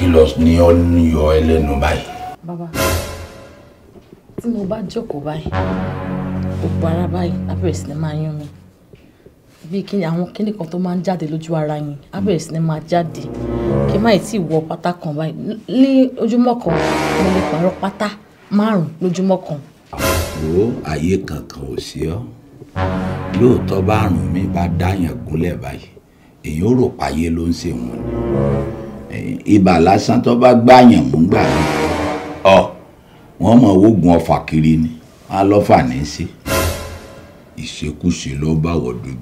kí ló ní ọ ní yọ ẹlẹ́nu báyìí. bàbá tí mo bá jókòó báyìí gbogbo ara báyìí á bẹ̀rẹ̀ sí ni máa yún mi bíi kí àwọn kíní kan tó máa ń jáde lójú ara yín á bẹ̀rẹ̀ sí ni máa jáde kí má tí ì wọ pátá kan báyìí ní ojúmọ́ kan mo lè pààrọ̀ pátá márùn-ún lójúmọ́ kan. àpò àyè kankan ò sí ọ lóòótọ́ bá àrùn mi bá dáyàn gúnlẹ̀ báyìí èyí ó rò páyé ló ń ṣe wọn ni ibà lásán tó bá gbàyàn mú gbà mí ọ wọn mọ oògùn ọfà kiri ni alọfà ní í ṣe ìṣekúṣe ló bá wọ dojú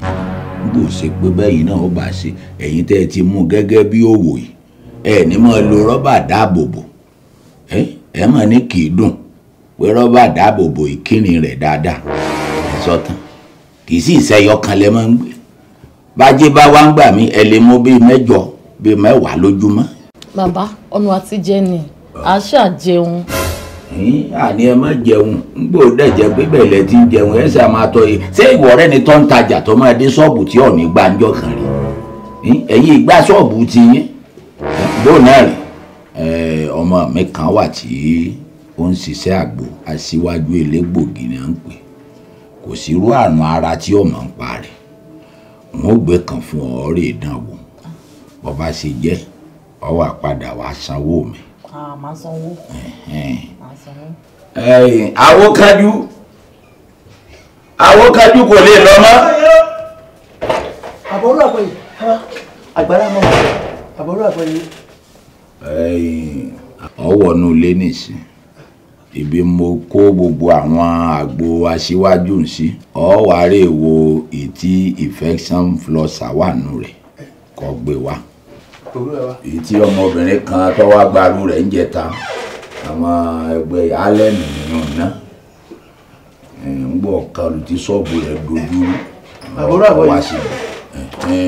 bó ṣe pé bẹ́yìn náà ó bá ṣe ẹ̀yin tẹ́ ẹ ti mú gẹ́gẹ́ bí òwò yìí ẹ ní mọ̀ lo rọ́bà dáàbòbò ẹ ẹ mọ̀ ní kì í dùn pé rọ́bà dáàbòbò ìkírin rẹ̀ dáadáa ẹ sọ kì í sì ṣẹyọ kan lẹ ń gbé bájé bá wá ń gbà mí ẹ lè mú bíi mẹ́jọ bíi mẹ́wàá lójúmọ́. bàbá ọ̀nà àti jẹ ni a ṣáà jẹun. àní ẹ má jẹun ngbò dẹ̀jẹ̀ pípẹ́ ilẹ̀ ti ń jẹun ẹ máa tọ́ yìí ṣé ìwọ rẹ ni tó ń tajà tó máa dé ṣọ́ọ̀bù tí ọ̀nì gbàǹjọ kan rí ẹ̀yin ìgbà ṣọ́ọ̀bù ti yín náà rí ọmọ mi kan wà tí ó ń ṣiṣẹ́ àgbo aṣíwájú elégbògi ni kò sí irú àrùn ara tí bọ́ba ṣe jẹ́ ọ wà padà wàá sanwó mi. màá sanwó. àwo kájú àwo kájú kò lè lọ mọ́. àbọ̀rú àpò yìí àgbàrá mọ́ àbọ̀rú àpò yìí. ọwọ́ nù lé nìsín ibi mo kó gbogbo àwọn àgbo aṣíwájú sí ọ wàá rè wo ìtí infection flosser wà nù rẹ̀ kọ́ gbé wa èyí tí ọmọbìnrin kan tó wá gbaru rẹ̀ ń jẹta àwọn ẹgbẹ́ alẹ́nu nínú náà ń gbọ́ kalu tí ṣọ́ọ̀bù rẹ̀ dojú ọkọ̀ wá sí i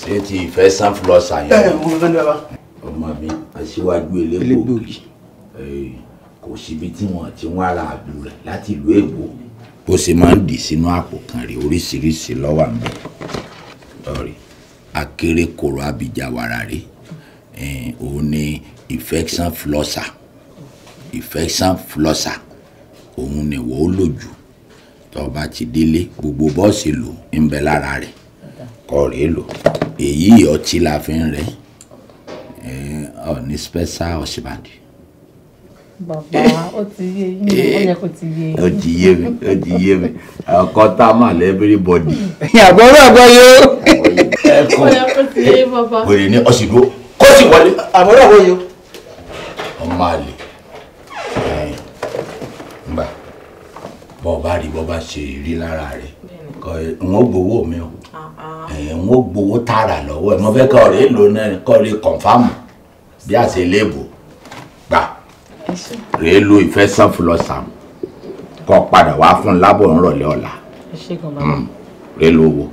ṣé ti ìfẹ́ san flọ́sà yẹn ọmọ mi aṣíwájú elégbòogi kò síbi tí wọ́n ti wọ́n ara àbúrò rẹ̀ láti ìlú èbó bó ṣe máa ń dì sínú àpò kan rèé oríṣiríṣi lọ́wọ́ àmì sorry akéré kòrò abìjà wàrà rè òun ni infection flosser infection flosser òun ni wọ́n ó lò jù tó bá ti délé gbogbo bọ́ọ̀sì lò ń bẹ lára rẹ̀ kọ́ rèé lò èyí ọtí la fi ń rẹ̀ ọ̀ ní special ọ̀sibàdì bàbá ó ti yé yín ó ti yé mi ó ti yé mi ọkọ tá a máa lẹ everybody. àbọ̀rọ̀ àbọ̀ yóò. ẹ̀kọ́ wèrè ní ọ̀sìn dúró kó sì wọlé. àbọ̀rọ̀ àbọ̀ yóò. ọmọ àlè gbà bọ́ọ̀bá rí bọ́ọ̀bá ṣe rí lára rẹ̀ n ó gbowó mi o ah, ah. n ó gbowó tààrà lọ́wọ́ ẹ̀ mo fẹ́ kọ́ ọ̀rẹ́ lónìí kọ́ ọ̀rẹ́ kọ̀ǹfàmù bí àṣẹ léèbù rèé lo ìfẹ́ sàn fún lọ́sàn kọ́ padà wá fún lábọ̀ ńrọ̀lẹ́ ọ̀la hmm. rèé lo owó.